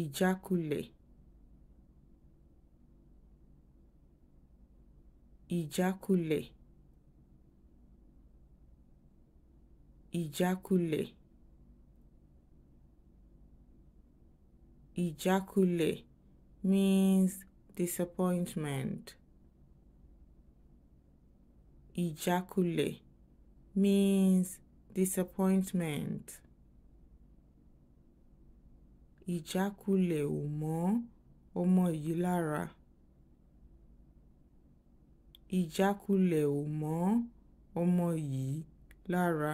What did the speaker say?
ìjákulẹ̀ ìjákulẹ̀ ìjákulẹ̀ ìjákulẹ̀ means disappointment ìjákulẹ̀ means disappointment ìjákulẹ̀ ò mọ́ ọmọ yìí lára ìjákulẹ̀ ò mọ́ ọmọ yìí lára